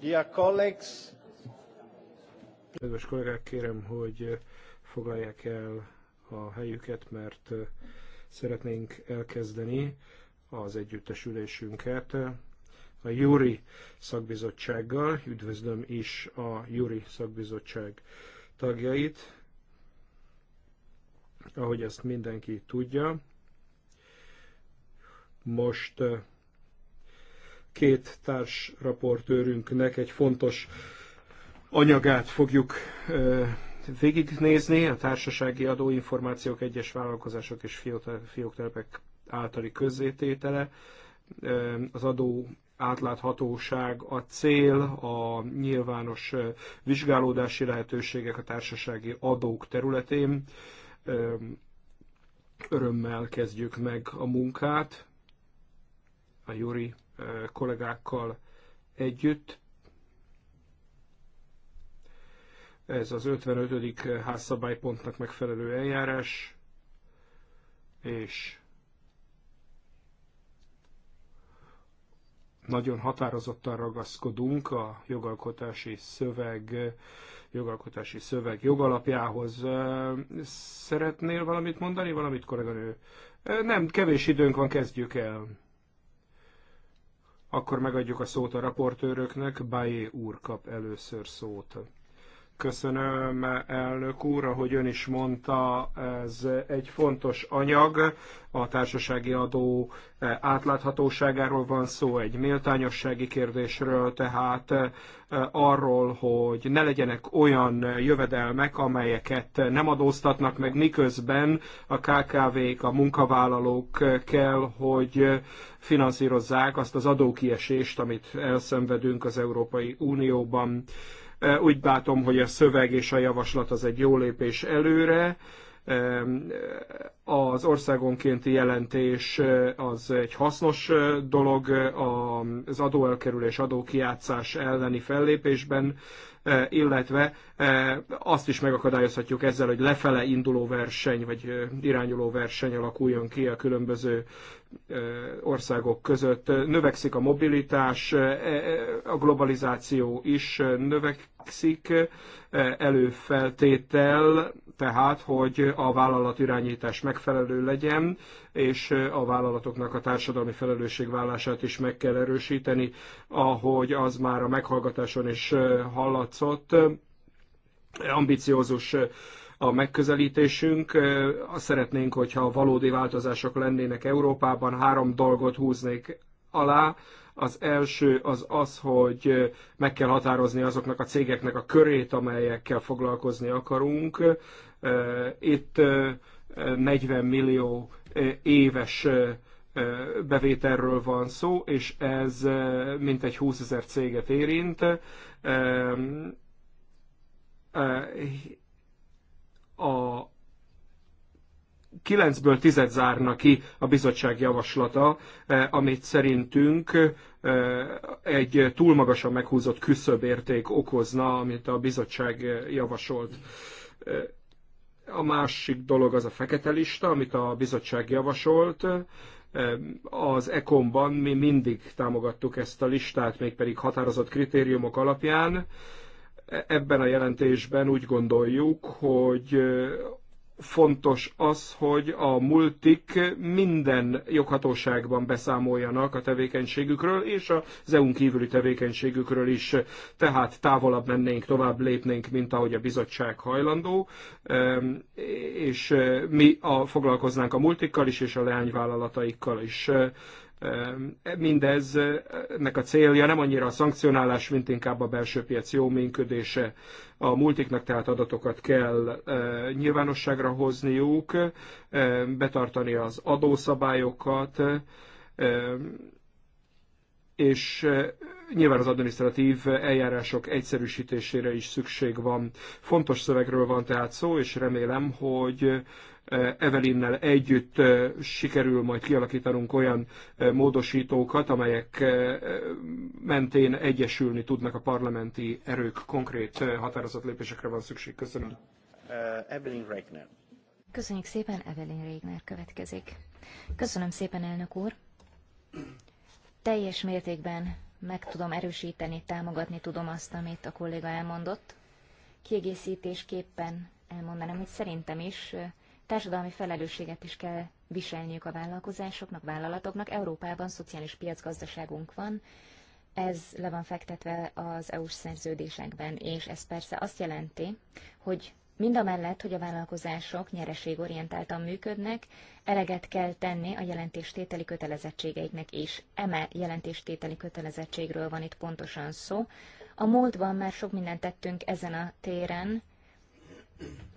Dear colleagues. Kedves kollégák, kérem, hogy foglalják el a helyüket, mert eh, szeretnénk elkezdeni az együttesülésünket a Júri szakbizottsággal. Üdvözlöm is a Júri szakbizottság tagjait. Ahogy ezt mindenki tudja, most eh, két társ raportőrünknek egy fontos anyagát fogjuk végignézni, a társasági adóinformációk egyes vállalkozások és fióktelepek általi közzététele. Az adó átláthatóság a cél, a nyilvános vizsgálódási lehetőségek a társasági adók területén. Örömmel kezdjük meg a munkát. A Juri kollégákkal együtt. Ez az 55. házszabálypontnak megfelelő eljárás, és nagyon határozottan ragaszkodunk a jogalkotási szöveg jogalkotási szöveg jogalapjához. Szeretnél valamit mondani, valamit kolléganő? Nem, kevés időnk van, kezdjük el. Akkor megadjuk a szót a raportőröknek. Bájé úr kap először szót. Köszönöm, elnök úr, ahogy ön is mondta, ez egy fontos anyag. A társasági adó eh, átláthatóságáról van szó, egy méltányossági kérdésről, tehát eh, arról, hogy ne legyenek olyan jövedelmek, amelyeket nem adóztatnak meg, miközben a KKV-k, a munkavállalók eh, kell, hogy finanszírozzák azt az adókiesést, amit elszenvedünk az Európai Unióban. Úgy látom, hogy a szöveg és a javaslat az egy jó lépés előre. Az országonkénti jelentés az egy hasznos dolog az adóelkerülés, adókiátszás elleni fellépésben, illetve azt is megakadályozhatjuk ezzel, hogy lefele induló verseny, vagy irányuló verseny alakuljon ki a különböző országok között. Növekszik a mobilitás, a globalizáció is növekszik, előfeltétel, tehát, hogy a vállalatirányítás megfelelő legyen, és a vállalatoknak a társadalmi felelősségvállását is meg kell erősíteni, ahogy az már a meghallgatáson is hallatszott ambiciózus a megközelítésünk. Azt szeretnénk, hogyha valódi változások lennének Európában, három dolgot húznék alá. Az első az az, hogy meg kell határozni azoknak a cégeknek a körét, amelyekkel foglalkozni akarunk. Itt 40 millió éves bevételről van szó, és ez mintegy 20 ezer céget érint a 9-ből 10 zárna ki a bizottság javaslata, eh, amit szerintünk eh, egy túl magasan meghúzott küszöbérték okozna, amit a bizottság eh, javasolt. A másik dolog az a fekete lista, amit a bizottság javasolt. Az ECOM-ban mi mindig támogattuk ezt a listát, mégpedig határozott kritériumok alapján ebben a jelentésben úgy gondoljuk, hogy fontos az, hogy a multik minden joghatóságban beszámoljanak a tevékenységükről, és az EU-n kívüli tevékenységükről is, tehát távolabb mennénk, tovább lépnénk, mint ahogy a bizottság hajlandó, és mi a, foglalkoznánk a multikkal is, és a leányvállalataikkal is mindeznek a célja nem annyira a szankcionálás, mint inkább a belső piac jó működése. A multiknak tehát adatokat kell nyilvánosságra hozniuk, betartani az adószabályokat, és nyilván az adminisztratív eljárások egyszerűsítésére is szükség van. Fontos szövegről van tehát szó, és remélem, hogy Evelinnel együtt sikerül majd kialakítanunk olyan módosítókat, amelyek mentén egyesülni tudnak a parlamenti erők. Konkrét határozott lépésekre van szükség. Köszönöm. Uh, Evelyn Regner. Köszönjük szépen, Evelyn Regner következik. Köszönöm szépen, elnök úr teljes mértékben meg tudom erősíteni, támogatni tudom azt, amit a kolléga elmondott. Kiegészítésképpen elmondanám, hogy szerintem is társadalmi felelősséget is kell viselniük a vállalkozásoknak, vállalatoknak. Európában szociális piacgazdaságunk van, ez le van fektetve az EU-s szerződésekben, és ez persze azt jelenti, hogy Mind a mellett, hogy a vállalkozások nyereségorientáltan működnek, eleget kell tenni a jelentéstételi kötelezettségeiknek is. Eme jelentéstételi kötelezettségről van itt pontosan szó. A múltban már sok mindent tettünk ezen a téren.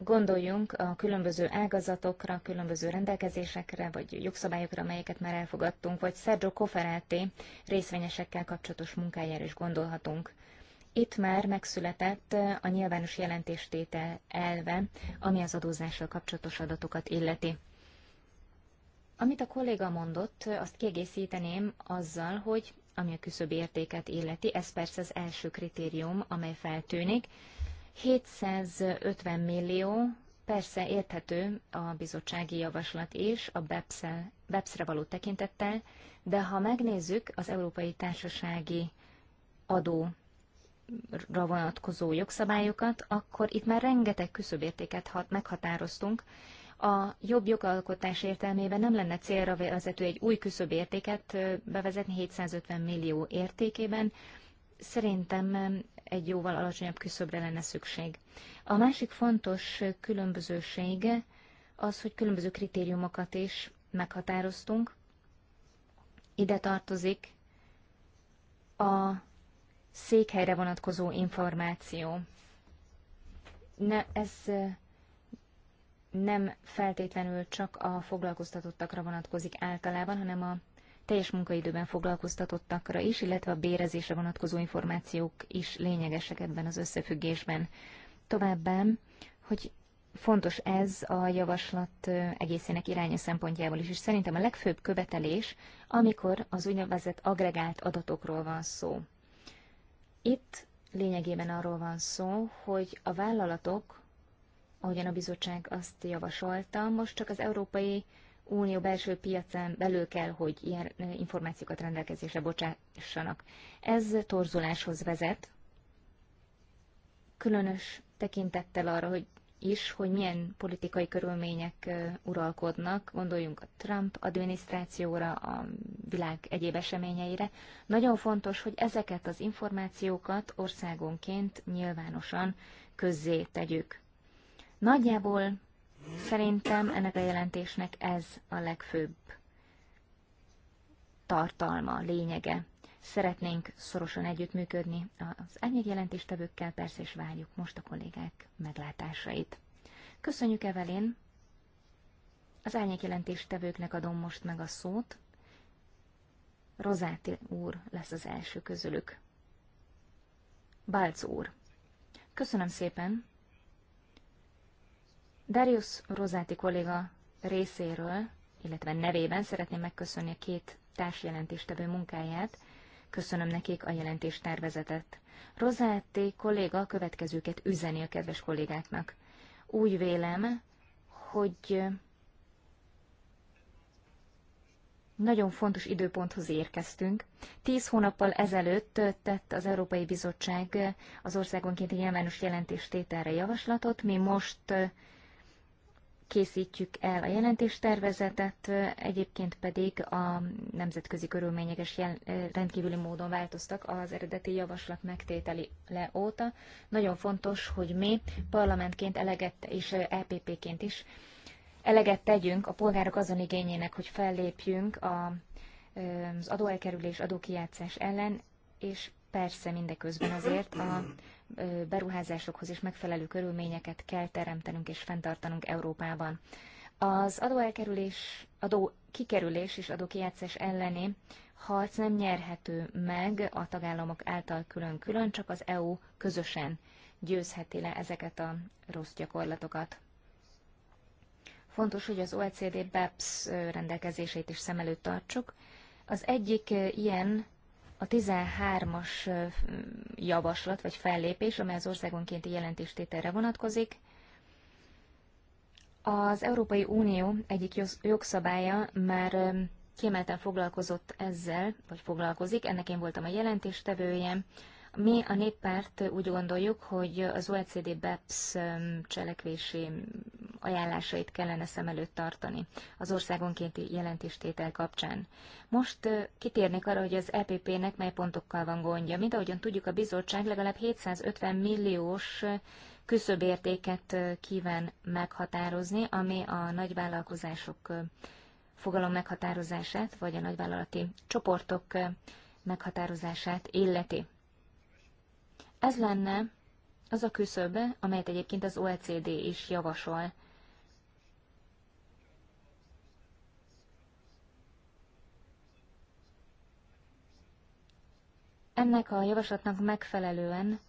Gondoljunk a különböző ágazatokra, különböző rendelkezésekre, vagy jogszabályokra, amelyeket már elfogadtunk, vagy Sergio Cofferati részvényesekkel kapcsolatos munkájára is gondolhatunk. Itt már megszületett a nyilvános jelentéstétel elve, ami az adózással kapcsolatos adatokat illeti. Amit a kolléga mondott, azt kiegészíteném azzal, hogy ami a küszöb értéket illeti, ez persze az első kritérium, amely feltűnik. 750 millió, persze érthető a bizottsági javaslat és a BEPS-re való tekintettel, de ha megnézzük az európai társasági adó vonatkozó jogszabályokat, akkor itt már rengeteg küszöbértéket hat, meghatároztunk. A jobb jogalkotás értelmében nem lenne célra vezető egy új küszöbértéket bevezetni 750 millió értékében, szerintem egy jóval alacsonyabb küszöbre lenne szükség. A másik fontos különbözőség az, hogy különböző kritériumokat is meghatároztunk. Ide tartozik a székhelyre vonatkozó információ. Ne, ez nem feltétlenül csak a foglalkoztatottakra vonatkozik általában, hanem a teljes munkaidőben foglalkoztatottakra is, illetve a bérezésre vonatkozó információk is lényegesek ebben az összefüggésben. Továbbá, hogy fontos ez a javaslat egészének iránya szempontjából is, és szerintem a legfőbb követelés, amikor az úgynevezett agregált adatokról van szó. Itt lényegében arról van szó, hogy a vállalatok, ahogyan a bizottság azt javasolta, most csak az Európai Unió belső piacán belül kell, hogy ilyen információkat rendelkezésre bocsássanak. Ez torzuláshoz vezet, különös tekintettel arra, hogy is, hogy milyen politikai körülmények uralkodnak, gondoljunk a Trump adminisztrációra, a világ egyéb eseményeire. Nagyon fontos, hogy ezeket az információkat országonként nyilvánosan közzé tegyük. Nagyjából szerintem ennek a jelentésnek ez a legfőbb tartalma, lényege. Szeretnénk szorosan együttműködni az árnyékjelentéstevőkkel, persze is várjuk most a kollégák meglátásait. Köszönjük, Evelyn! Az árnyékjelentéstevőknek adom most meg a szót. Rozáti úr lesz az első közülük. Balc úr. Köszönöm szépen. Darius Rozáti kolléga részéről, illetve nevében szeretném megköszönni a két társjelentéstevő munkáját. Köszönöm nekik a tervezetet. Rozáté kolléga a következőket üzeni a kedves kollégáknak. Úgy vélem, hogy nagyon fontos időponthoz érkeztünk. Tíz hónappal ezelőtt tett az Európai Bizottság az egy nyilvános jelentéstételre javaslatot. Mi most készítjük el a jelentéstervezetet, egyébként pedig a nemzetközi körülményeges jel, eh, rendkívüli módon változtak az eredeti javaslat megtételi le óta. Nagyon fontos, hogy mi parlamentként eleget és eh, EPP-ként is eleget tegyünk a polgárok azon igényének, hogy fellépjünk a, eh, az adóelkerülés, adókijátszás ellen, és Persze mindeközben azért a beruházásokhoz is megfelelő körülményeket kell teremtenünk és fenntartanunk Európában. Az adóelkerülés, adó kikerülés és adókijátszás elleni harc nem nyerhető meg a tagállamok által külön-külön, csak az EU közösen győzheti le ezeket a rossz gyakorlatokat. Fontos, hogy az OECD BEPS rendelkezését is szem előtt tartsuk. Az egyik ilyen a 13-as javaslat vagy fellépés, amely az országonkénti jelentéstételre vonatkozik, az Európai Unió egyik jogszabálya már kiemelten foglalkozott ezzel, vagy foglalkozik, ennek én voltam a jelentéstevője, mi a néppárt úgy gondoljuk, hogy az OECD BEPS um, cselekvési ajánlásait kellene szem előtt tartani az országonkénti jelentéstétel kapcsán. Most uh, kitérnék arra, hogy az EPP-nek mely pontokkal van gondja. Mint ahogyan tudjuk, a bizottság legalább 750 milliós uh, küszöbértéket uh, kíván meghatározni, ami a nagyvállalkozások fogalom meghatározását, vagy a nagyvállalati csoportok meghatározását illeti. Ez lenne az a küszöbe, amelyet egyébként az OECD is javasol. Ennek a javaslatnak megfelelően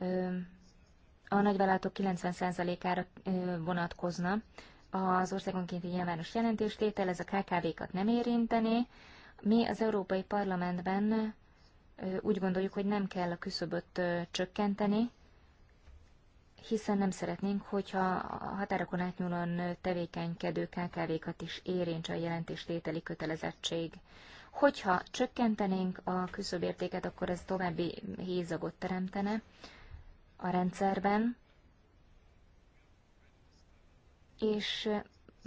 ö, a nagyvállalatok 90%-ára vonatkozna az országonkénti nyilvános jelentéstétel, ez a KKV-kat nem érinteni, Mi az Európai Parlamentben úgy gondoljuk, hogy nem kell a küszöböt csökkenteni, hiszen nem szeretnénk, hogyha a határokon átnyúlóan tevékenykedő KKV-kat is érintse a jelentéstételi kötelezettség. Hogyha csökkentenénk a küszöbértéket, akkor ez további hézagot teremtene a rendszerben, és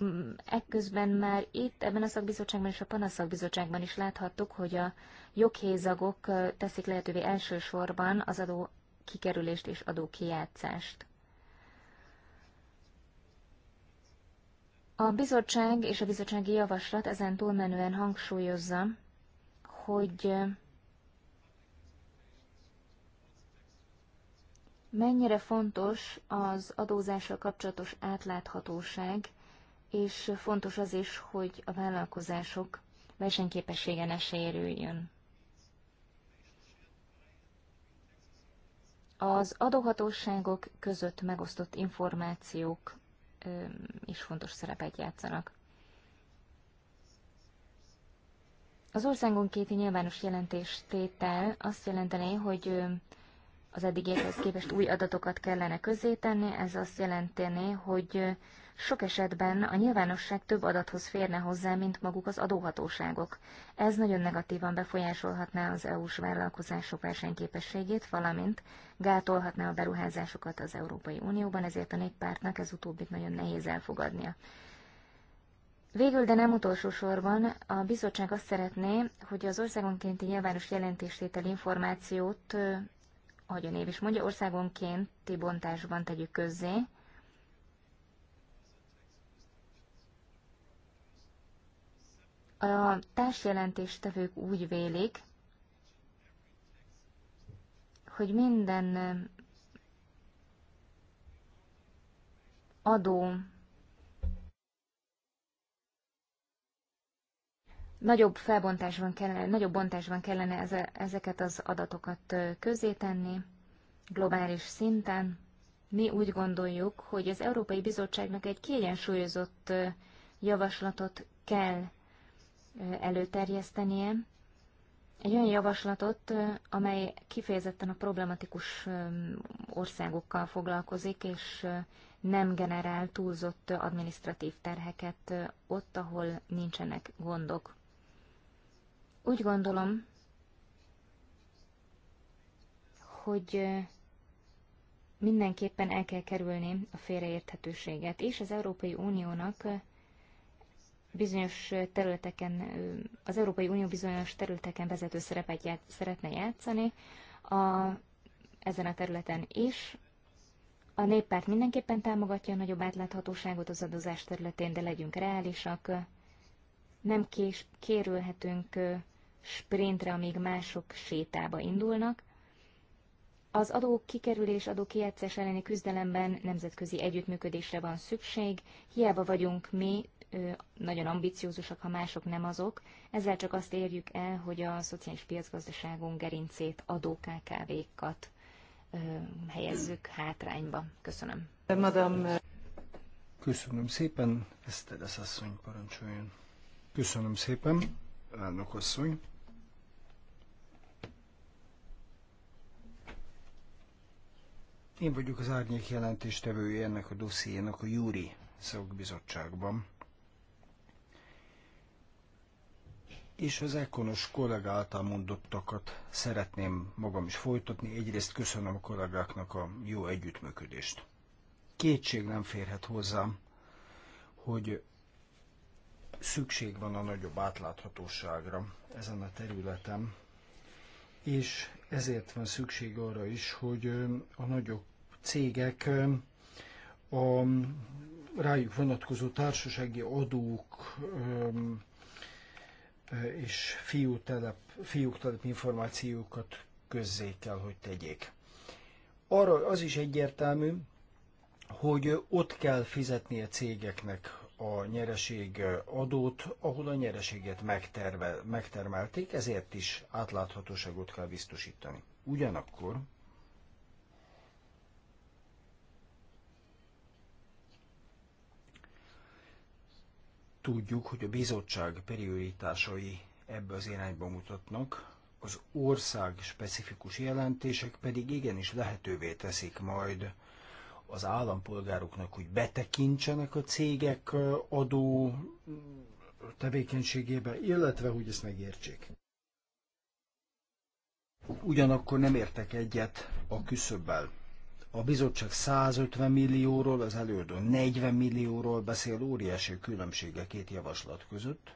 Mm, ekközben már itt, ebben a szakbizottságban és a panaszszakbizottságban is láthattuk, hogy a joghézagok teszik lehetővé elsősorban az adó kikerülést és adó kijátszást. A bizottság és a bizottsági javaslat ezen túlmenően hangsúlyozza, hogy mennyire fontos az adózással kapcsolatos átláthatóság és fontos az is, hogy a vállalkozások versenyképessége ne érüljön. Az adóhatóságok között megosztott információk is fontos szerepet játszanak. Az országonkéti nyilvános jelentéstétel azt jelenteni, hogy az eddigiekhez képest új adatokat kellene közzétenni, ez azt jelenteni, hogy sok esetben a nyilvánosság több adathoz férne hozzá, mint maguk az adóhatóságok. Ez nagyon negatívan befolyásolhatná az EU-s vállalkozások versenyképességét, valamint gátolhatná a beruházásokat az Európai Unióban, ezért a néppártnak ez utóbbit nagyon nehéz elfogadnia. Végül, de nem utolsó sorban, a bizottság azt szeretné, hogy az országonkénti nyilvános jelentéstétel információt ahogy a név is mondja, országonkénti bontásban tegyük közzé. A társjelentéstevők úgy vélik, hogy minden adó Nagyobb felbontásban kellene, nagyobb bontásban kellene ezeket az adatokat közzétenni, globális szinten. Mi úgy gondoljuk, hogy az Európai Bizottságnak egy kiegyensúlyozott javaslatot kell előterjesztenie, egy olyan javaslatot, amely kifejezetten a problematikus országokkal foglalkozik, és nem generál túlzott administratív terheket ott, ahol nincsenek gondok. Úgy gondolom, hogy mindenképpen el kell kerülni a félreérthetőséget, és az Európai Uniónak bizonyos területeken, az Európai Unió bizonyos területeken vezető szerepet ját, szeretne játszani a, ezen a területen is. A néppárt mindenképpen támogatja a nagyobb átláthatóságot az adózás területén, de legyünk reálisak, nem kés, kérülhetünk sprintre, amíg mások sétába indulnak. Az adó kikerülés, adó kijátszás elleni küzdelemben nemzetközi együttműködésre van szükség. Hiába vagyunk mi nagyon ambiciózusak, ha mások nem azok. Ezzel csak azt érjük el, hogy a szociális piacgazdaságunk gerincét adó KKV-kat helyezzük hátrányba. Köszönöm. Madame. Köszönöm szépen, ezt asszony parancsoljon. Köszönöm szépen elnökasszony. Én vagyok az árnyék jelentéstevője ennek a dossziénak a Júri szakbizottságban. És az ekonos kollega által mondottakat szeretném magam is folytatni. Egyrészt köszönöm a kollégáknak a jó együttműködést. Kétség nem férhet hozzám, hogy szükség van a nagyobb átláthatóságra ezen a területen, és ezért van szükség arra is, hogy a nagyobb cégek a rájuk vonatkozó társasági adók és fiútelep, fiúktelep információkat közzé kell, hogy tegyék. Arra az is egyértelmű, hogy ott kell fizetni a cégeknek a nyereség adót, ahol a nyereséget megtervel, megtermelték, ezért is átláthatóságot kell biztosítani. Ugyanakkor tudjuk, hogy a bizottság prioritásai ebbe az irányba mutatnak, az ország specifikus jelentések pedig igenis lehetővé teszik majd az állampolgároknak, hogy betekintsenek a cégek adó tevékenységébe, illetve hogy ezt megértsék. Ugyanakkor nem értek egyet a küszöbbel. A bizottság 150 millióról, az előadó 40 millióról beszél, óriási különbsége két javaslat között.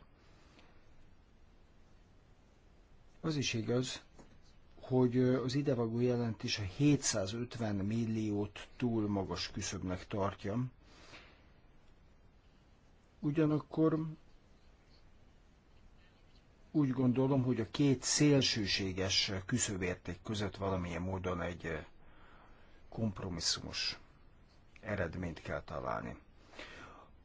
Az is igaz, hogy az idevágó jelentés a 750 milliót túl magas küszöbnek tartja. Ugyanakkor úgy gondolom, hogy a két szélsőséges küszöbérték között valamilyen módon egy kompromisszumos eredményt kell találni.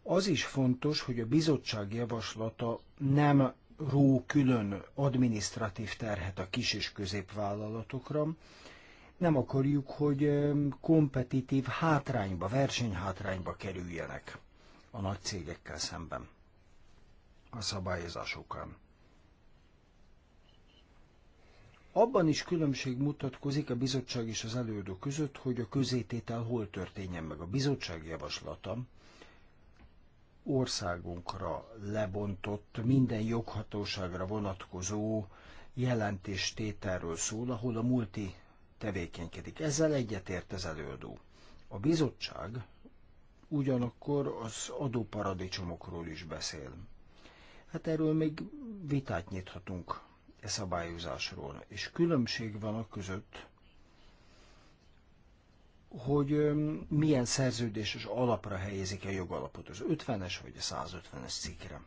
Az is fontos, hogy a bizottság javaslata nem ró külön adminisztratív terhet a kis és középvállalatokra. Nem akarjuk, hogy kompetitív hátrányba, versenyhátrányba kerüljenek a nagy cégekkel szemben a szabályozásokkal. Abban is különbség mutatkozik a bizottság és az előadó között, hogy a közététel hol történjen meg. A bizottság javaslata országunkra lebontott minden joghatóságra vonatkozó jelentéstételről szól, ahol a multi tevékenykedik. Ezzel egyetért az előadó. A bizottság ugyanakkor az adóparadicsomokról is beszél. Hát erről még vitát nyithatunk e szabályozásról, és különbség van a között, hogy milyen szerződéses alapra helyezik a jogalapot, az 50-es vagy a 150-es cikkre.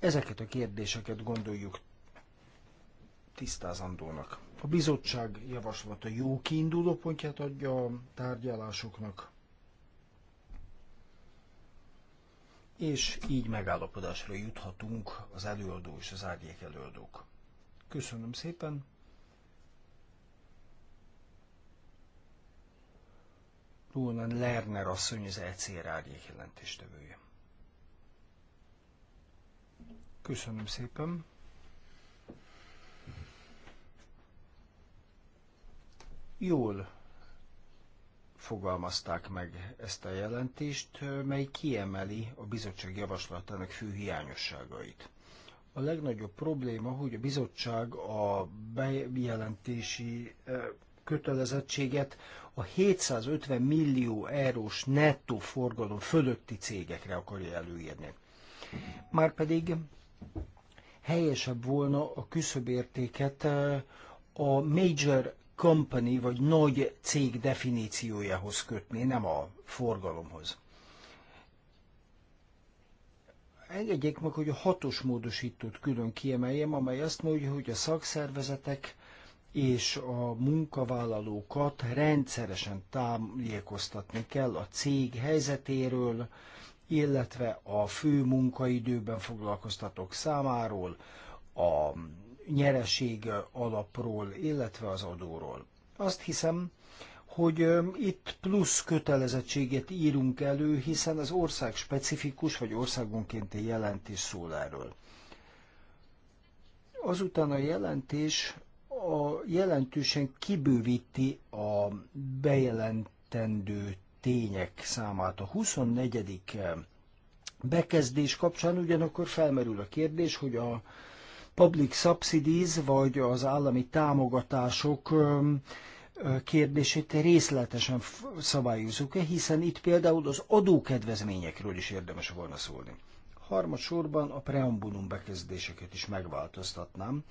Ezeket a kérdéseket gondoljuk tisztázandónak. A bizottság javaslata jó kiinduló pontját adja a tárgyalásoknak, és így megállapodásra juthatunk az előadó és az árnyék előadók. Köszönöm szépen! Luna Lerner asszony az ECR árnyék jelentéstevője. Köszönöm szépen. Jól fogalmazták meg ezt a jelentést, mely kiemeli a bizottság javaslatának fő hiányosságait. A legnagyobb probléma, hogy a bizottság a bejelentési eh, kötelezettséget a 750 millió eurós nettó forgalom fölötti cégekre akarja előírni. Márpedig helyesebb volna a küszöbértéket eh, a major company vagy nagy cég definíciójához kötni, nem a forgalomhoz. Engedjék meg, hogy a hatos módosítót külön kiemeljem, amely azt mondja, hogy a szakszervezetek és a munkavállalókat rendszeresen tájékoztatni kell a cég helyzetéről, illetve a fő munkaidőben foglalkoztatók számáról, a nyereség alapról, illetve az adóról. Azt hiszem, hogy itt plusz kötelezettséget írunk elő, hiszen az ország specifikus vagy országonkénti jelentés szól erről. Azután a jelentés a jelentősen kibővíti a bejelentendő tények számát. A 24. Eh, bekezdés kapcsán ugyanakkor felmerül a kérdés, hogy a public subsidies, vagy az állami támogatások eh, eh, kérdését részletesen szabályozunk-e, hiszen itt például az adókedvezményekről is érdemes volna szólni. Harmadsorban a preambulum bekezdéseket is megváltoztatnám.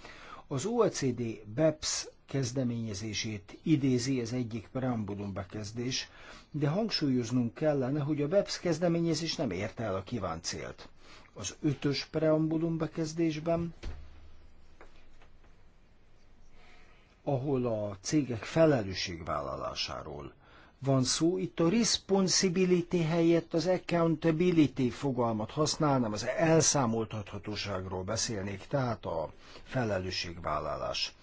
Az OECD BEPS kezdeményezését idézi ez egyik preambulum bekezdés, de hangsúlyoznunk kellene, hogy a BEPS kezdeményezés nem érte el a kívánt célt. Az ötös preambulum bekezdésben, ahol a cégek felelősségvállalásáról van szó. Itt a responsibility helyett az accountability fogalmat használnám, az elszámoltathatóságról beszélnék, tehát a felelősségvállalás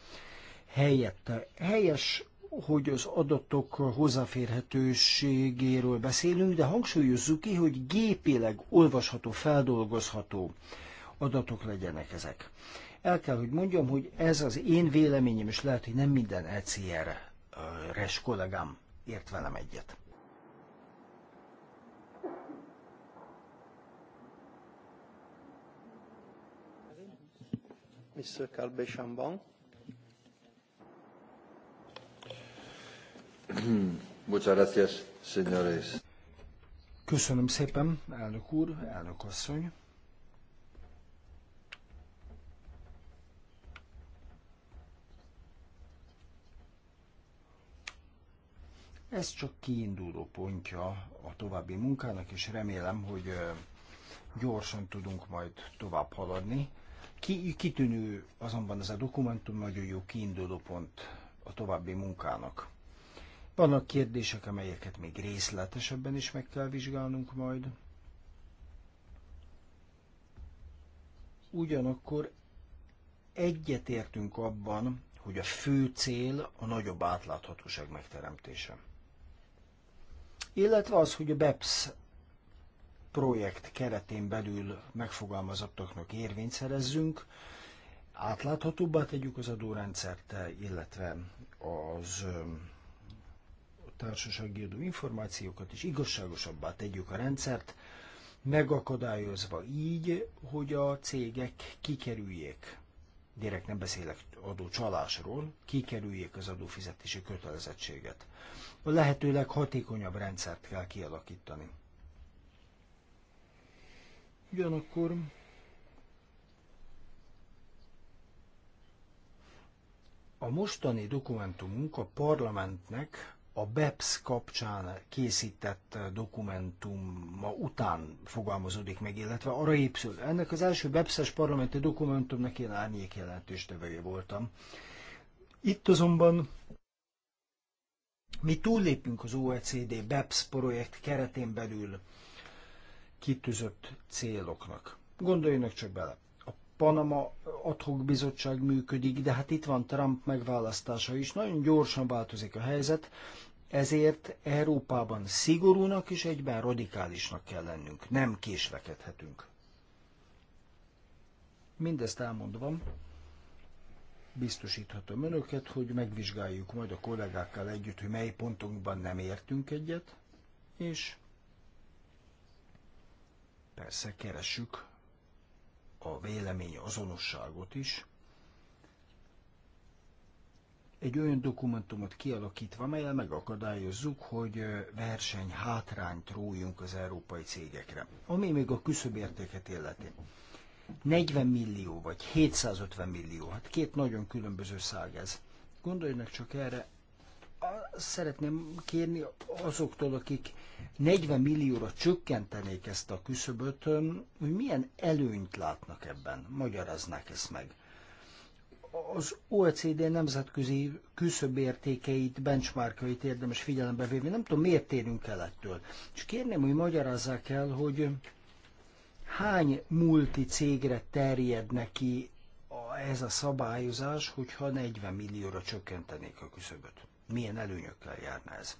helyett Helyes, hogy az adatok hozzáférhetőségéről beszélünk, de hangsúlyozzuk ki, hogy gépileg olvasható, feldolgozható adatok legyenek ezek. El kell, hogy mondjam, hogy ez az én véleményem, és lehet, hogy nem minden ECR-es kollégám ért velem egyet. Mr. Calbe Chambon. Muchas gracias, señores. Köszönöm szépen, elnök úr, elnök asszony. Ez csak kiinduló pontja a további munkának, és remélem, hogy gyorsan tudunk majd tovább haladni. Ki, kitűnő azonban ez a dokumentum, nagyon jó kiinduló pont a további munkának. Vannak kérdések, amelyeket még részletesebben is meg kell vizsgálnunk majd. Ugyanakkor egyetértünk abban, hogy a fő cél a nagyobb átláthatóság megteremtése illetve az, hogy a BEPS projekt keretén belül megfogalmazottaknak érvényt szerezzünk, átláthatóbbá tegyük az adórendszert, illetve az társasági adó információkat, is igazságosabbá tegyük a rendszert, megakadályozva így, hogy a cégek kikerüljék direkt nem beszélek adócsalásról, kikerüljék az adófizetési kötelezettséget. A lehetőleg hatékonyabb rendszert kell kialakítani. Ugyanakkor a mostani dokumentumunk a parlamentnek a BEPS kapcsán készített dokumentuma után fogalmazódik meg, illetve arra épül. Ennek az első BEPS-es parlamenti dokumentumnak én árnyék jelentős tevője voltam. Itt azonban mi túllépünk az OECD BEPS projekt keretén belül kitűzött céloknak. Gondoljanak csak bele. Panama adhok bizottság működik, de hát itt van Trump megválasztása is, nagyon gyorsan változik a helyzet, ezért Európában szigorúnak és egyben radikálisnak kell lennünk, nem késlekedhetünk. Mindezt elmondva, biztosíthatom önöket, hogy megvizsgáljuk majd a kollégákkal együtt, hogy mely pontunkban nem értünk egyet, és persze keressük a vélemény azonosságot is, egy olyan dokumentumot kialakítva, amelyel megakadályozzuk, hogy verseny hátrányt rójunk az európai cégekre, ami még a küszöbértéket illeti. 40 millió vagy 750 millió, hát két nagyon különböző szág ez. Gondoljanak csak erre, azt szeretném kérni azoktól, akik 40 millióra csökkentenék ezt a küszöböt, hogy milyen előnyt látnak ebben, magyaráznák ezt meg. Az OECD nemzetközi küszöbértékeit, benchmarkjait érdemes figyelembe vévni. nem tudom, miért térünk el ettől. És kérném, hogy magyarázzák el, hogy hány multi cégre terjed neki ez a szabályozás, hogyha 40 millióra csökkentenék a küszöböt milyen előnyökkel járna ez.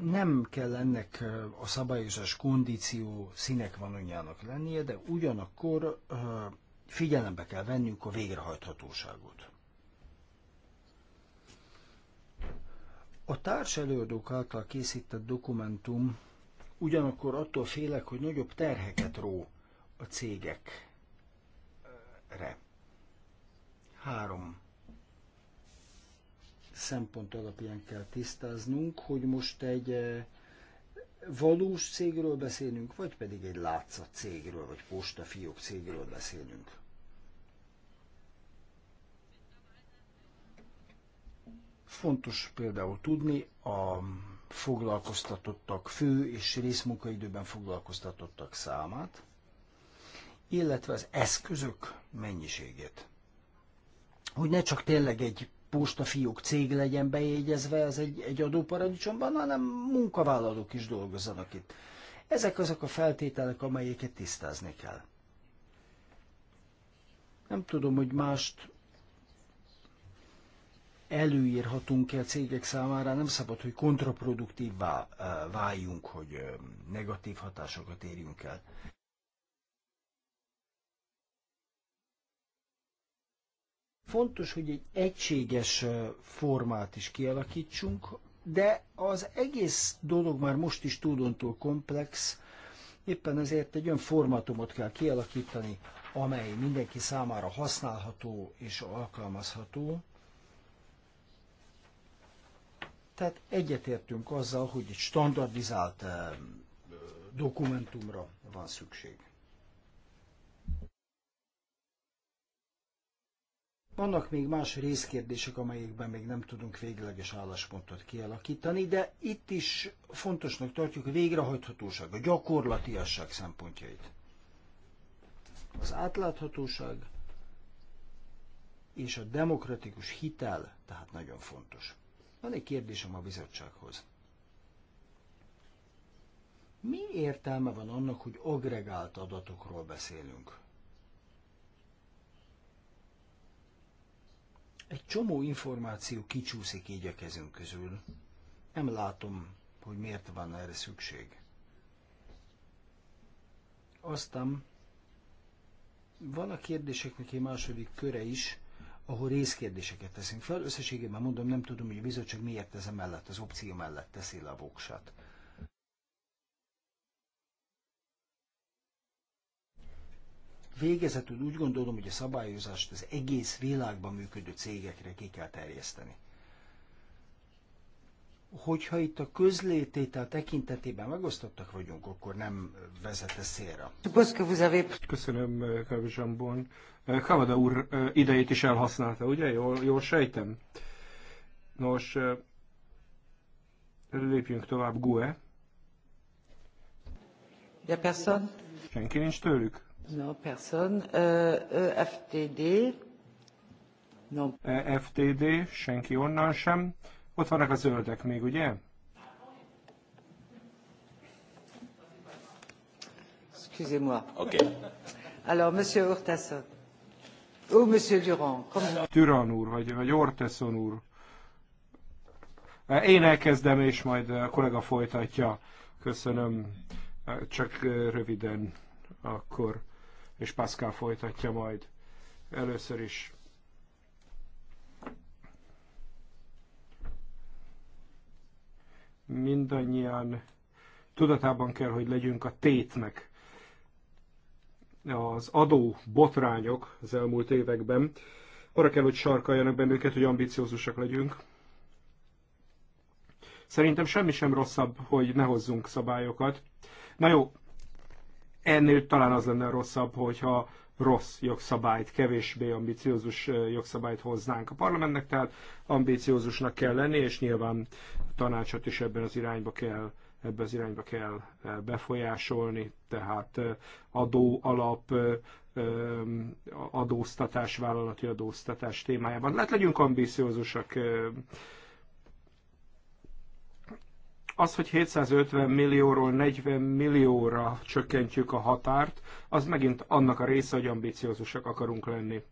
Nem kell ennek a szabályozás kondíció színek van vanonjának lennie, de ugyanakkor figyelembe kell vennünk a végrehajthatóságot. A előadók által készített dokumentum ugyanakkor attól félek, hogy nagyobb terheket ró a cégekre. Három szempont alapján kell tisztáznunk, hogy most egy eh, valós cégről beszélünk, vagy pedig egy látszat cégről, vagy postafiók cégről beszélünk. Fontos például tudni a foglalkoztatottak fő és részmunkaidőben foglalkoztatottak számát, illetve az eszközök mennyiségét. Hogy ne csak tényleg egy postafiók cég legyen bejegyezve az egy, egy adóparadicsomban, hanem munkavállalók is dolgozzanak itt. Ezek azok a feltételek, amelyeket tisztázni kell. Nem tudom, hogy mást előírhatunk-e a cégek számára, nem szabad, hogy kontraproduktívvá eh, váljunk, hogy eh, negatív hatásokat érjünk el. Fontos, hogy egy egységes formát is kialakítsunk, de az egész dolog már most is túlontúl komplex, éppen ezért egy olyan formátumot kell kialakítani, amely mindenki számára használható és alkalmazható. Tehát egyetértünk azzal, hogy egy standardizált dokumentumra van szükség. Vannak még más részkérdések, amelyekben még nem tudunk végleges álláspontot kialakítani, de itt is fontosnak tartjuk a végrehajthatóság, a gyakorlatiasság szempontjait. Az átláthatóság és a demokratikus hitel tehát nagyon fontos. Van egy kérdésem a bizottsághoz. Mi értelme van annak, hogy agregált adatokról beszélünk? Egy csomó információ kicsúszik így a kezünk közül. Nem látom, hogy miért van erre szükség. Aztán van a kérdéseknek egy második köre is, ahol részkérdéseket teszünk fel. Összességében mondom, nem tudom, hogy a bizottság miért ez mellett, az opció mellett teszi le a voksát. Végezetül úgy gondolom, hogy a szabályozást az egész világban működő cégekre ki kell terjeszteni. Hogyha itt a közlététel tekintetében megosztottak vagyunk, akkor nem vezet ez szélre. Köszönöm, Kavizsambon. Kavada úr eh, idejét is elhasználta, ugye? Jól, jól sejtem. Nos, eh, lépjünk tovább, Gue. Ja, persze. Senki nincs tőlük? Non, personne. Euh, euh FTD. Non. Euh, senki onnan sem. Ott vannak a zöldek még, ugye? Excusez-moi. OK. Alors, Monsieur Urtason. Ou Monsieur Durand. Comme... Durand úr, vagy, vagy Orteson úr. Én elkezdem, és majd a kollega folytatja. Köszönöm. Csak röviden akkor és Pascal folytatja majd. Először is mindannyian tudatában kell, hogy legyünk a tétnek. Az adó botrányok az elmúlt években arra kell, hogy sarkaljanak bennünket, hogy ambiciózusak legyünk. Szerintem semmi sem rosszabb, hogy ne hozzunk szabályokat. Na jó, ennél talán az lenne rosszabb, hogyha rossz jogszabályt, kevésbé ambiciózus jogszabályt hoznánk a parlamentnek, tehát ambiciózusnak kell lenni, és nyilván tanácsot is ebben az irányba kell ebbe az irányba kell befolyásolni, tehát adó alap, adóztatás, vállalati adóztatás témájában. Lehet legyünk ambíciózusak, az, hogy 750 millióról 40 millióra csökkentjük a határt, az megint annak a része, hogy ambiciózusak akarunk lenni.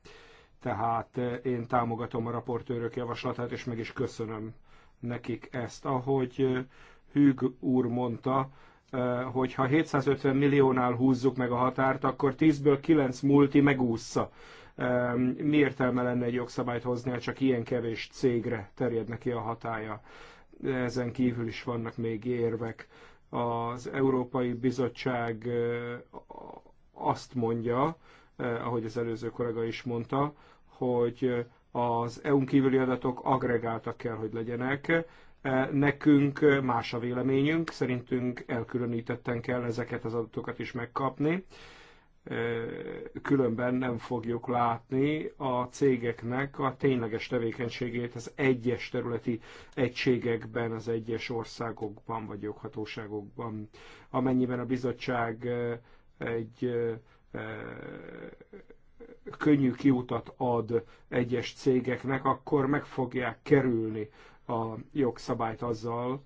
Tehát eh, én támogatom a raportőrök javaslatát, és meg is köszönöm nekik ezt. Ahogy Hűg eh, úr mondta, eh, hogy ha 750 milliónál húzzuk meg a határt, akkor 10-ből 9 multi megúszza. Mi értelme lenne egy jogszabályt hozni, ha csak ilyen kevés cégre terjed neki a hatája? ezen kívül is vannak még érvek. Az Európai Bizottság azt mondja, ahogy az előző kollega is mondta, hogy az EU-n kívüli adatok agregáltak kell, hogy legyenek. Nekünk más a véleményünk, szerintünk elkülönítetten kell ezeket az adatokat is megkapni különben nem fogjuk látni a cégeknek a tényleges tevékenységét az egyes területi egységekben, az egyes országokban vagy joghatóságokban. Amennyiben a bizottság egy könnyű kiutat ad egyes cégeknek, akkor meg fogják kerülni a jogszabályt azzal,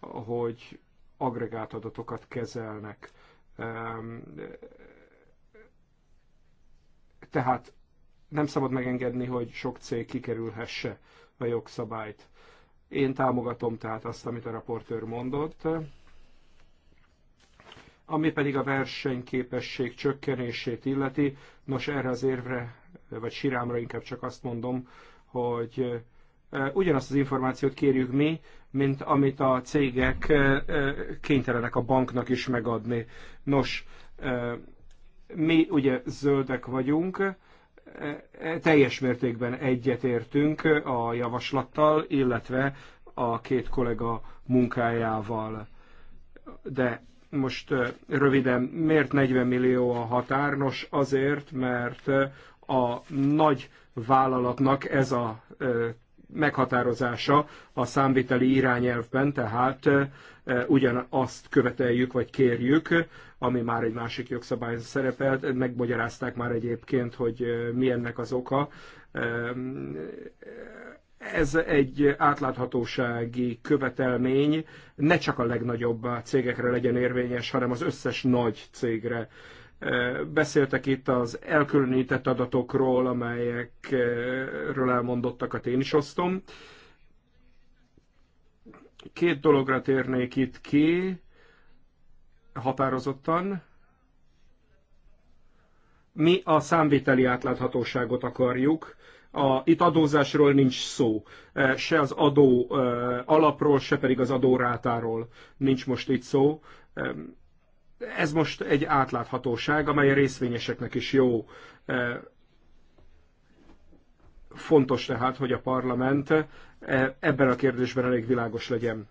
hogy agregátadatokat kezelnek tehát nem szabad megengedni, hogy sok cég kikerülhesse a jogszabályt. Én támogatom tehát azt, amit a raportőr mondott. Ami pedig a versenyképesség csökkenését illeti, nos erre az érvre, vagy sirámra inkább csak azt mondom, hogy ugyanazt az információt kérjük mi, mint amit a cégek kénytelenek a banknak is megadni. Nos, mi ugye zöldek vagyunk, e, teljes mértékben egyetértünk a javaslattal, illetve a két kollega munkájával. De most e, röviden, miért 40 millió a határ? Nos, azért, mert e, a nagy vállalatnak ez a meghatározása a számviteli irányelvben, tehát ugyanazt követeljük vagy kérjük, ami már egy másik jogszabályon szerepelt. Megmagyarázták már egyébként, hogy mi ennek az oka. Ez egy átláthatósági követelmény, ne csak a legnagyobb cégekre legyen érvényes, hanem az összes nagy cégre Beszéltek itt az elkülönített adatokról, amelyekről elmondottakat én is osztom. Két dologra térnék itt ki határozottan. Mi a számviteli átláthatóságot akarjuk, a, itt adózásról nincs szó, se az adó alapról, se pedig az adórátáról nincs most itt szó. Ez most egy átláthatóság, amely a részvényeseknek is jó. Eh, fontos tehát, hogy a parlament eh, ebben a kérdésben elég világos legyen.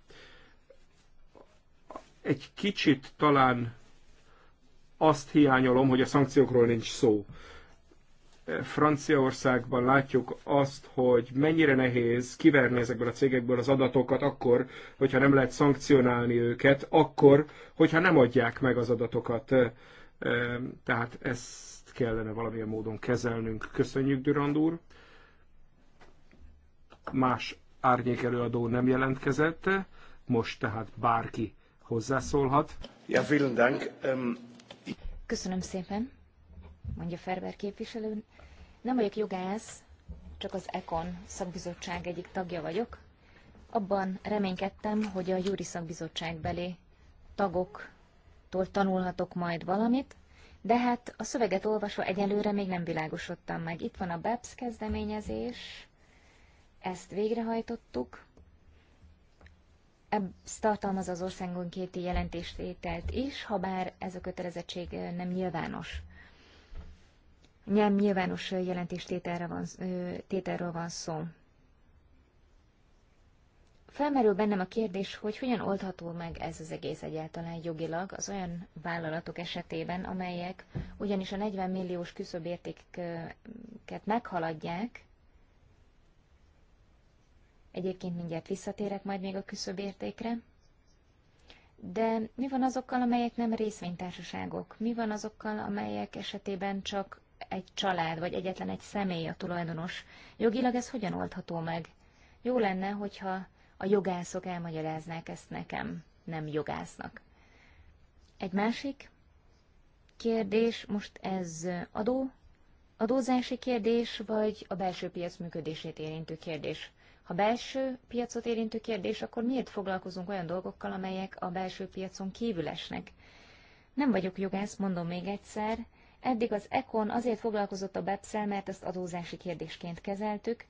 Egy kicsit talán azt hiányolom, hogy a szankciókról nincs szó. Franciaországban látjuk azt, hogy mennyire nehéz kiverni ezekből a cégekből az adatokat akkor, hogyha nem lehet szankcionálni őket, akkor, hogyha nem adják meg az adatokat. Tehát ezt kellene valamilyen módon kezelnünk. Köszönjük, Durand úr. Más árnyékelőadó nem jelentkezett, most tehát bárki hozzászólhat. Ja, vielen Dank. Um... Köszönöm szépen, mondja Ferber képviselő. Nem vagyok jogász, csak az ECON szakbizottság egyik tagja vagyok. Abban reménykedtem, hogy a júri szakbizottság belé tagoktól tanulhatok majd valamit, de hát a szöveget olvasva egyelőre még nem világosodtam meg. Itt van a BEPS kezdeményezés, ezt végrehajtottuk. Ez tartalmaz az országonkéti jelentéstételt is, ha bár ez a kötelezettség nem nyilvános nem nyilvános jelentéstételre van, tételről van szó. Felmerül bennem a kérdés, hogy hogyan oldható meg ez az egész egyáltalán jogilag az olyan vállalatok esetében, amelyek ugyanis a 40 milliós küszöbértéket meghaladják, egyébként mindjárt visszatérek majd még a küszöbértékre, de mi van azokkal, amelyek nem részvénytársaságok? Mi van azokkal, amelyek esetében csak egy család, vagy egyetlen egy személy a tulajdonos. Jogilag ez hogyan oldható meg? Jó lenne, hogyha a jogászok elmagyaráznák ezt nekem, nem jogásznak. Egy másik kérdés, most ez adó, adózási kérdés, vagy a belső piac működését érintő kérdés? Ha belső piacot érintő kérdés, akkor miért foglalkozunk olyan dolgokkal, amelyek a belső piacon kívül esnek? Nem vagyok jogász, mondom még egyszer, Eddig az ECON azért foglalkozott a beps mert ezt adózási kérdésként kezeltük.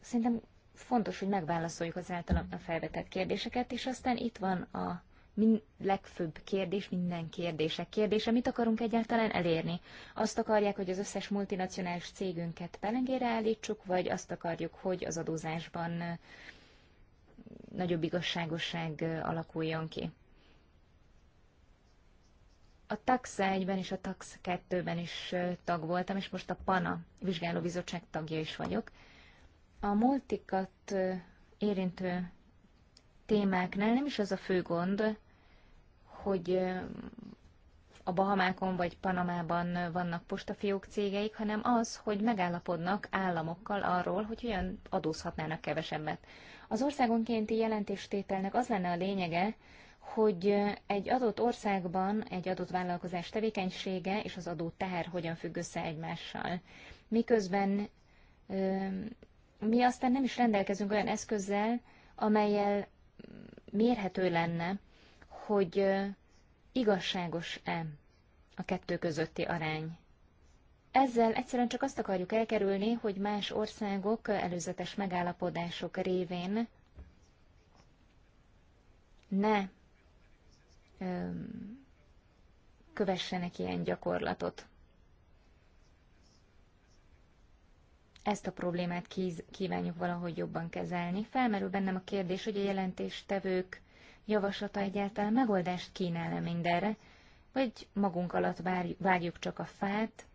Szerintem fontos, hogy megválaszoljuk az általam felvetett kérdéseket, és aztán itt van a min- legfőbb kérdés, minden kérdések kérdése. Mit akarunk egyáltalán elérni? Azt akarják, hogy az összes multinacionális cégünket pelengére állítsuk, vagy azt akarjuk, hogy az adózásban eh, nagyobb igazságosság eh, alakuljon ki? A TAX 1-ben és a TAX 2-ben is tag voltam, és most a PANA vizsgálóbizottság tagja is vagyok. A multikat érintő témáknál nem is az a fő gond, hogy a Bahamákon vagy Panamában vannak postafiók cégeik, hanem az, hogy megállapodnak államokkal arról, hogy olyan adózhatnának kevesebbet. Az országonkénti jelentéstételnek az lenne a lényege, hogy egy adott országban egy adott vállalkozás tevékenysége és az adó teher hogyan függ össze egymással. Miközben mi aztán nem is rendelkezünk olyan eszközzel, amelyel mérhető lenne, hogy igazságos-e a kettő közötti arány. Ezzel egyszerűen csak azt akarjuk elkerülni, hogy más országok előzetes megállapodások révén ne kövessenek ilyen gyakorlatot. Ezt a problémát kívánjuk valahogy jobban kezelni. Felmerül bennem a kérdés, hogy a jelentéstevők javaslata egyáltalán megoldást kínál-e mindenre, vagy magunk alatt vágjuk csak a fát,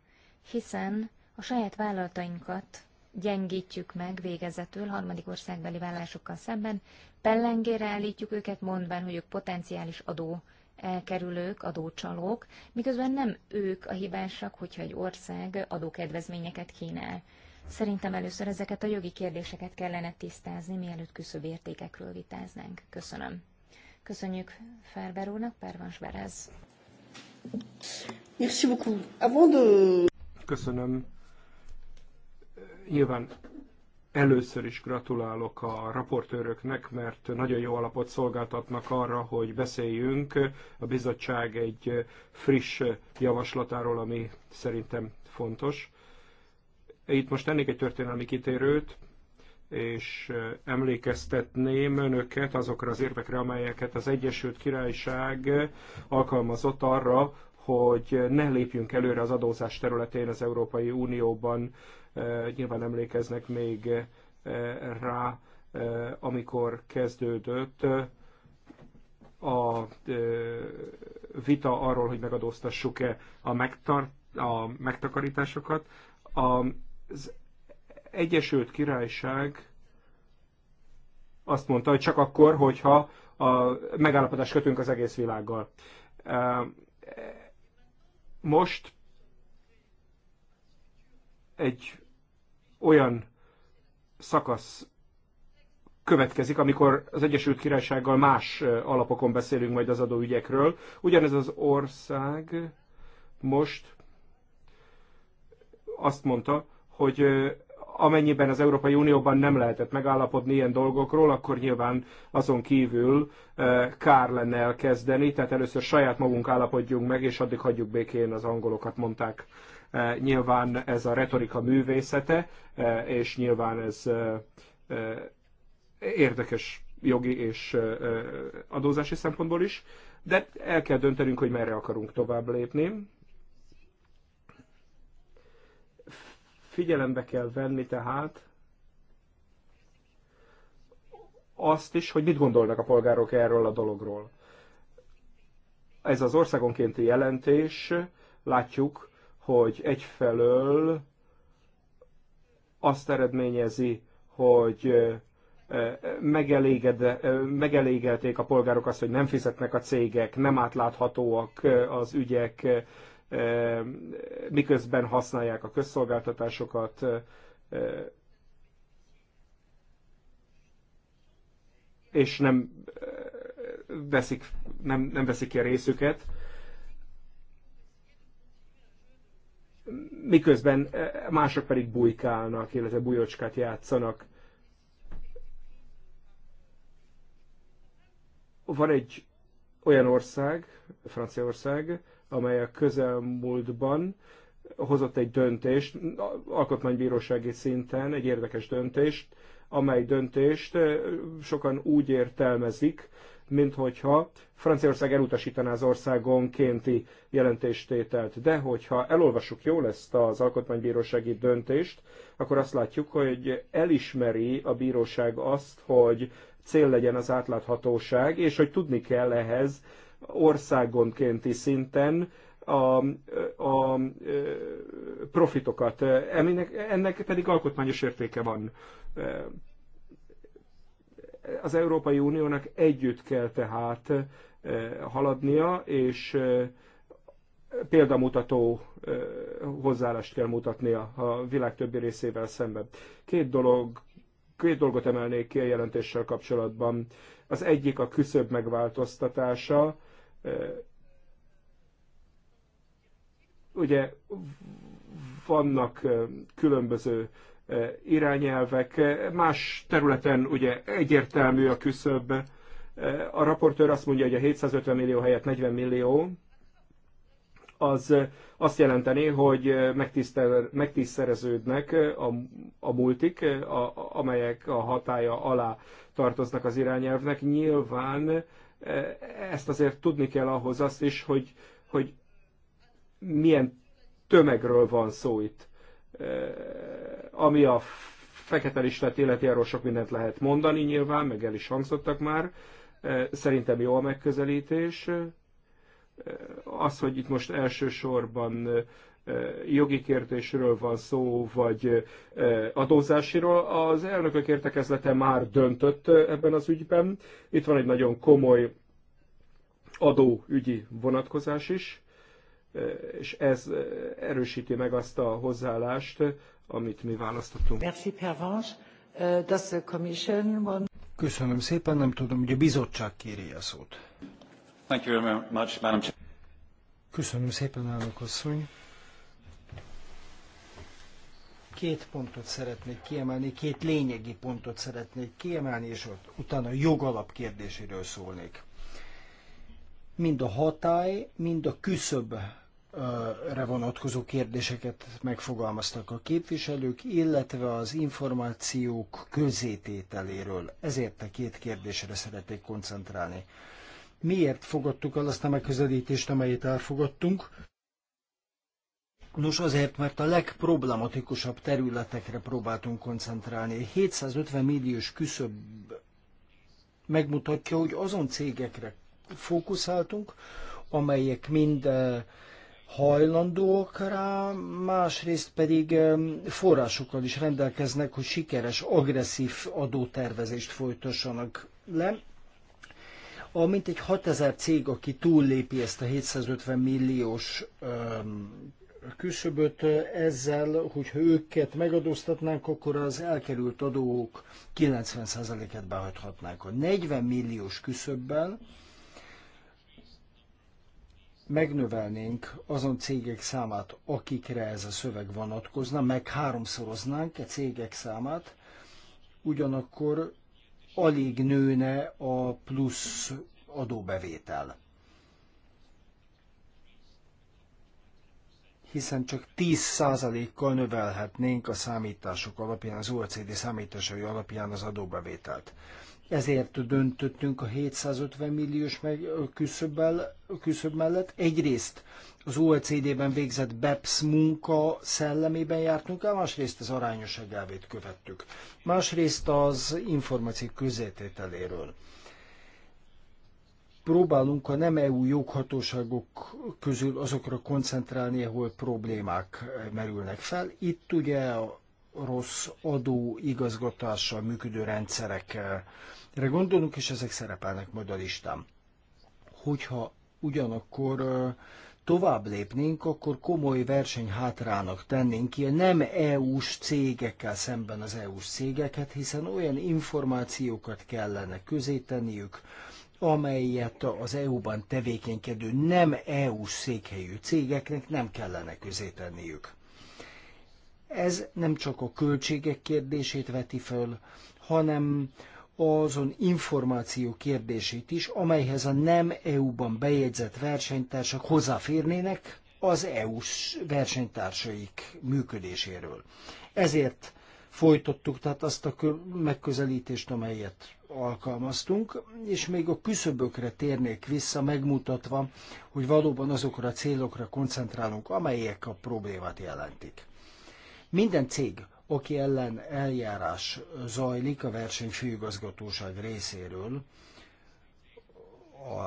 hiszen a saját vállalatainkat gyengítjük meg végezetül harmadik országbeli vállásokkal szemben, pellengére állítjuk őket, mondván, hogy ők potenciális adó elkerülők, adócsalók, miközben nem ők a hibásak, hogyha egy ország adókedvezményeket kínál. Szerintem először ezeket a jogi kérdéseket kellene tisztázni, mielőtt küszöbértékekről vitáznánk. Köszönöm. Köszönjük Ferber úrnak, Pervans Berez. Köszönöm. Nyilván először is gratulálok a raportőröknek, mert nagyon jó alapot szolgáltatnak arra, hogy beszéljünk a bizottság egy friss javaslatáról, ami szerintem fontos. Itt most ennék egy történelmi kitérőt, és emlékeztetném önöket azokra az érvekre, amelyeket az Egyesült Királyság alkalmazott arra, hogy ne lépjünk előre az adózás területén az Európai Unióban. Nyilván emlékeznek még rá, amikor kezdődött a vita arról, hogy megadóztassuk-e a, megtar a megtakarításokat. Az Egyesült Királyság azt mondta, hogy csak akkor, hogyha a megállapodást kötünk az egész világgal most egy olyan szakasz következik, amikor az Egyesült Királysággal más alapokon beszélünk majd az adóügyekről. Ugyanez az ország most azt mondta, hogy amennyiben az Európai Unióban nem lehetett megállapodni ilyen dolgokról, akkor nyilván azon kívül kár lenne elkezdeni, tehát először saját magunk állapodjunk meg, és addig hagyjuk békén az angolokat, mondták. Nyilván ez a retorika művészete, és nyilván ez érdekes jogi és adózási szempontból is, de el kell döntenünk, hogy merre akarunk tovább lépni. Figyelembe kell venni tehát azt is, hogy mit gondolnak a polgárok erről a dologról. Ez az országonkénti jelentés, látjuk, hogy egyfelől azt eredményezi, hogy megelégelték a polgárok azt, hogy nem fizetnek a cégek, nem átláthatóak az ügyek, miközben használják a közszolgáltatásokat. és nem veszik, nem, nem veszik ki a részüket. Miközben mások pedig bujkálnak, illetve bujocskát játszanak. Van egy olyan ország, Franciaország, amely a közelmúltban hozott egy döntést, alkotmánybírósági szinten egy érdekes döntést, amely döntést sokan úgy értelmezik, mint hogyha Franciaország elutasítaná az országonkénti jelentéstételt. De hogyha elolvassuk jól ezt az alkotmánybírósági döntést, akkor azt látjuk, hogy elismeri a bíróság azt, hogy cél legyen az átláthatóság, és hogy tudni kell ehhez országonkénti szinten a, a profitokat. Ennek, ennek pedig alkotmányos értéke van. Az Európai Uniónak együtt kell tehát e, haladnia, és e, példamutató e, hozzáállást kell mutatnia a világ többi részével szemben. Két dolog két dolgot emelnék ki a jelentéssel kapcsolatban. Az egyik a küszöb megváltoztatása, Ugye vannak különböző irányelvek, más területen ugye egyértelmű a küszöbb. A raportőr azt mondja, hogy a 750 millió helyett 40 millió, az azt jelenteni, hogy megtisztereződnek a, a multik, a, amelyek a hatája alá tartoznak az irányelvnek. Nyilván ezt azért tudni kell ahhoz azt is, hogy, hogy milyen tömegről van szó itt. Ami a fekete listát illeti, arról sok mindent lehet mondani nyilván, meg el is hangzottak már. Szerintem jó a megközelítés. Az, hogy itt most elsősorban jogi kérdésről van szó, vagy adózásiról. Az elnökök értekezlete már döntött ebben az ügyben. Itt van egy nagyon komoly adóügyi vonatkozás is, és ez erősíti meg azt a hozzáállást, amit mi választottunk. Köszönöm szépen, nem tudom, hogy a bizottság kéri a szót. Köszönöm szépen, elnök asszony. Két pontot szeretnék kiemelni, két lényegi pontot szeretnék kiemelni, és ott utána jogalap kérdéséről szólnék. Mind a hatály, mind a küszöb vonatkozó kérdéseket megfogalmaztak a képviselők, illetve az információk közétételéről. Ezért a két kérdésre szeretnék koncentrálni. Miért fogadtuk el azt a megközelítést, amelyet elfogadtunk? Nos, azért, mert a legproblematikusabb területekre próbáltunk koncentrálni. 750 milliós küszöbb megmutatja, hogy azon cégekre fókuszáltunk, amelyek mind eh, hajlandóak rá, másrészt pedig eh, forrásokkal is rendelkeznek, hogy sikeres, agresszív adótervezést folytassanak le. A egy 6000 cég, aki túllépi ezt a 750 milliós ehm, küszöböt ezzel, hogyha őket megadóztatnánk, akkor az elkerült adók 90%-et behagyhatnánk. A 40 milliós küszöbbel megnövelnénk azon cégek számát, akikre ez a szöveg vonatkozna, meg háromszoroznánk a e cégek számát, ugyanakkor alig nőne a plusz adóbevétel. hiszen csak 10%-kal növelhetnénk a számítások alapján, az OECD számításai alapján az adóbevételt. Ezért döntöttünk a 750 milliós meg, küszöbbel, küszöbb mellett. Egyrészt az OECD-ben végzett BEPS munka szellemében jártunk el, másrészt az arányos elvét követtük. Másrészt az információ közétételéről próbálunk a nem EU joghatóságok közül azokra koncentrálni, ahol problémák merülnek fel. Itt ugye a rossz adó igazgatással működő rendszerekre gondolunk, és ezek szerepelnek majd a listán. Hogyha ugyanakkor tovább lépnénk, akkor komoly verseny hátrának tennénk ki a nem EU-s cégekkel szemben az EU-s cégeket, hiszen olyan információkat kellene közé tenniük, amelyet az EU-ban tevékenykedő nem EU-s székhelyű cégeknek nem kellene közé tenniük. Ez nem csak a költségek kérdését veti föl, hanem azon információ kérdését is, amelyhez a nem EU-ban bejegyzett versenytársak hozzáférnének az EU-s versenytársaik működéséről. Ezért folytattuk tehát azt a megközelítést, amelyet alkalmaztunk, és még a küszöbökre térnék vissza, megmutatva, hogy valóban azokra a célokra koncentrálunk, amelyek a problémát jelentik. Minden cég, aki ellen eljárás zajlik a versenyfőigazgatóság részéről,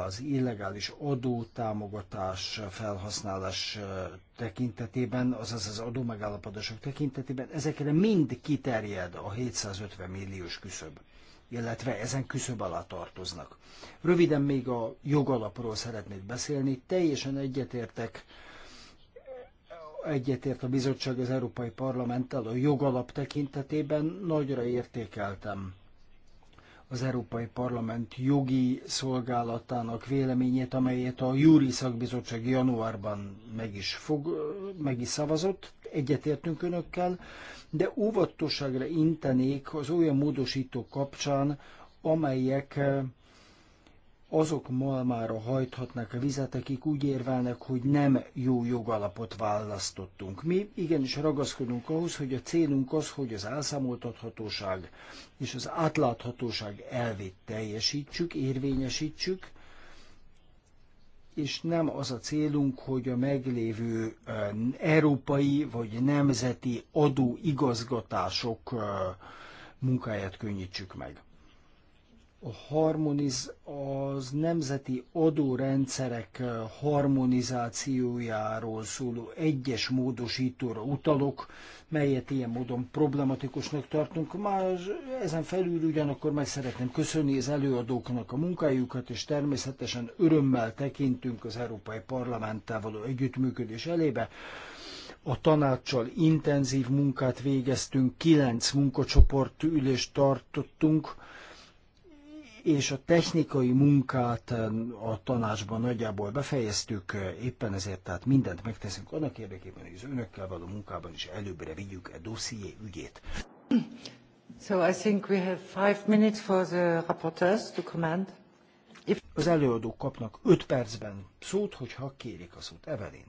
az illegális adótámogatás felhasználás tekintetében, azaz az adómegállapodások tekintetében, ezekre mind kiterjed a 750 milliós küszöb illetve ezen küszöb alá tartoznak. Röviden még a jogalapról szeretnék beszélni. Teljesen egyetértek egyetért a bizottság az Európai Parlamenttel a jogalap tekintetében, nagyra értékeltem az Európai Parlament jogi szolgálatának véleményét, amelyet a Júri Szakbizottság januárban meg is, fog, meg is szavazott, egyetértünk önökkel, de óvatosságra intenék az olyan módosítók kapcsán, amelyek azok malmára hajthatnak a vizet, akik úgy érvelnek, hogy nem jó jogalapot választottunk. Mi igenis ragaszkodunk ahhoz, hogy a célunk az, hogy az elszámoltathatóság és az átláthatóság elvét teljesítsük, érvényesítsük, és nem az a célunk, hogy a meglévő európai vagy nemzeti adóigazgatások munkáját könnyítsük meg a harmoniz, az nemzeti adórendszerek eh, harmonizációjáról szóló egyes módosítóra utalok, melyet ilyen módon problematikusnak tartunk. Már ezen felül ugyanakkor meg szeretném köszönni az előadóknak a munkájukat, és természetesen örömmel tekintünk az Európai Parlamenttel való együttműködés elébe. A tanácssal intenzív munkát végeztünk, kilenc munkacsoport ülést tartottunk, és a technikai munkát eh, a tanácsban nagyjából befejeztük, eh, éppen ezért tehát mindent megteszünk annak érdekében, hogy az önökkel való munkában is előbbre vigyük a e dosszié ügyét. So I think we have five minutes for the rapporteurs to comment. If... Az előadók kapnak öt percben szót, hogyha kérik a szót. Evelyn.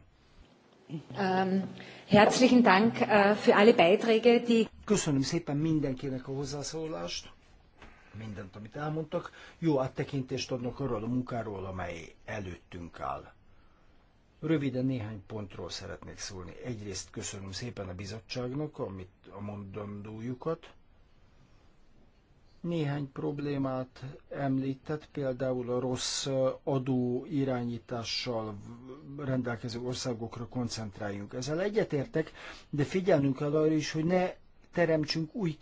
Ähm, herzlichen Dank äh, für alle Beiträge, die... Köszönöm szépen mindenkinek a hozzászólást mindent, amit elmondtak, jó áttekintést adnak arról a munkáról, amely előttünk áll. Röviden néhány pontról szeretnék szólni. Egyrészt köszönöm szépen a bizottságnak, amit a mondandójukat. Néhány problémát említett, például a rossz adó irányítással rendelkező országokra koncentráljunk. Ezzel egyetértek, de figyelnünk kell arra is, hogy ne teremtsünk új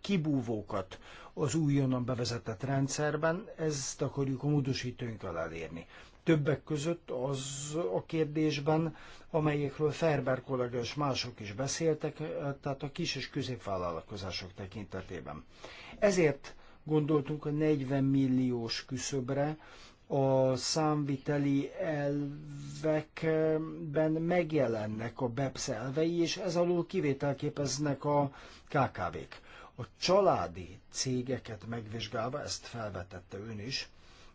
kibúvókat az újonnan bevezetett rendszerben, ezt akarjuk a módosítóinkkal elérni. Többek között az a kérdésben, amelyekről Ferber kollega és mások is beszéltek, tehát a kis és középvállalkozások tekintetében. Ezért gondoltunk a 40 milliós küszöbre, a számviteli elvekben megjelennek a BEPS elvei, és ez alól kivételképeznek a KKV-k a családi cégeket megvizsgálva, ezt felvetette ön is,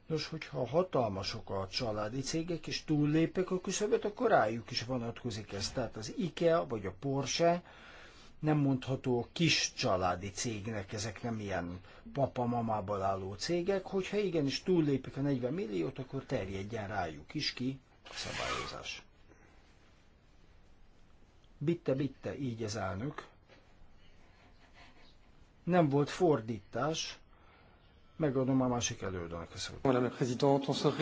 Nos, hogyha hatalmasok a családi cégek, és túllépek a küszöböt, akkor rájuk is vonatkozik ez. Tehát az IKEA vagy a Porsche nem mondható a kis családi cégnek, ezek nem ilyen papa-mamából álló cégek, hogyha igenis túllépik a 40 milliót, akkor terjedjen rájuk is ki a szabályozás. Bitte, bitte, így az elnök nem volt fordítás. Megadom a másik a szót.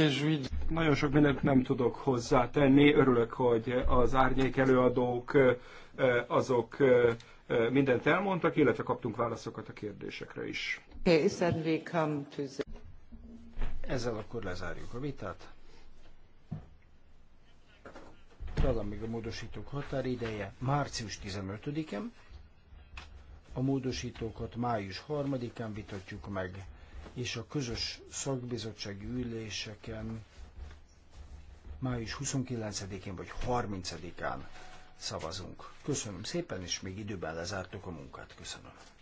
Nagyon sok mindent nem tudok hozzátenni. Örülök, hogy az árnyék előadók azok mindent elmondtak, illetve kaptunk válaszokat a kérdésekre is. Ezzel akkor lezárjuk a vitát. Talán még a módosítók határideje március 15-en. A módosítókat május 3-án vitatjuk meg, és a közös szakbizottsági üléseken május 29-én vagy 30-án szavazunk. Köszönöm szépen, és még időben lezártuk a munkát. Köszönöm.